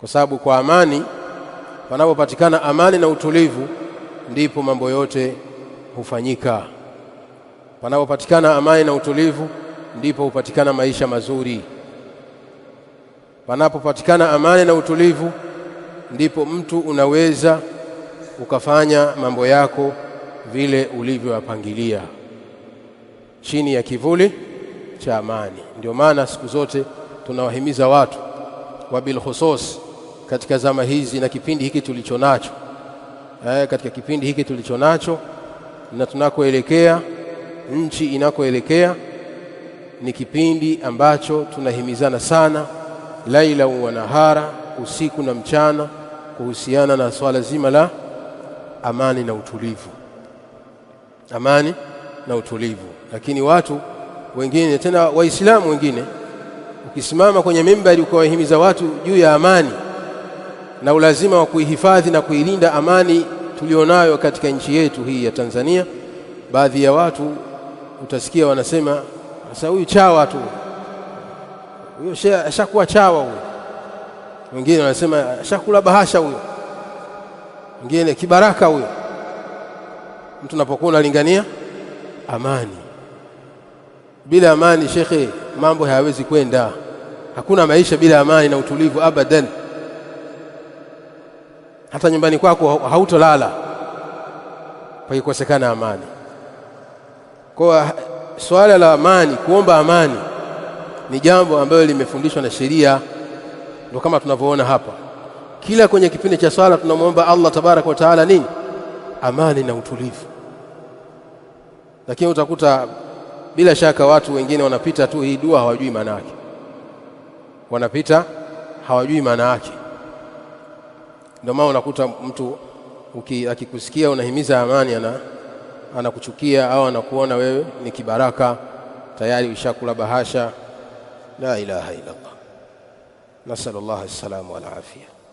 kwa sababu kwa amani, panapopatikana amani na utulivu, ndipo mambo yote hufanyika. Panapopatikana amani na utulivu, ndipo hupatikana maisha mazuri. Panapopatikana amani na utulivu, ndipo mtu unaweza ukafanya mambo yako vile ulivyoyapangilia chini ya kivuli cha amani. Ndio maana siku zote tunawahimiza watu wabilkhusus katika zama hizi na kipindi hiki tulicho nacho eh, katika kipindi hiki tulicho nacho na tunakoelekea, nchi inakoelekea ni kipindi ambacho tunahimizana sana laila wa nahara, usiku na mchana, kuhusiana na swala zima la amani na utulivu, amani na utulivu. Lakini watu wengine tena, Waislamu wengine, ukisimama kwenye mimbari ukawahimiza watu juu ya amani na ulazima wa kuihifadhi na kuilinda amani tulionayo katika nchi yetu hii ya Tanzania. Baadhi ya watu utasikia wanasema, sasa huyu chawa tu, huyo ashakuwa chawa huyo. Wengine wanasema ashakula bahasha huyo, wengine kibaraka huyo. Mtu unapokuwa unalingania amani, bila amani, shekhe, mambo hayawezi kwenda. Hakuna maisha bila amani na utulivu abadan hata nyumbani kwako hautolala pakikosekana amani. Kwa swala la amani, kuomba amani ni jambo ambalo limefundishwa na sheria, ndio kama tunavyoona hapa. Kila kwenye kipindi cha swala tunamwomba Allah tabaraka wa taala nini? Amani na utulivu. Lakini utakuta bila shaka watu wengine wanapita tu hii dua, hawajui maana yake, wanapita hawajui maana yake. Ndio maana unakuta mtu uki, akikusikia unahimiza amani ana anakuchukia au anakuona wewe ni kibaraka, tayari ushakula bahasha. La ilaha illa allah nasallallahu alaihi wasallam wa afia.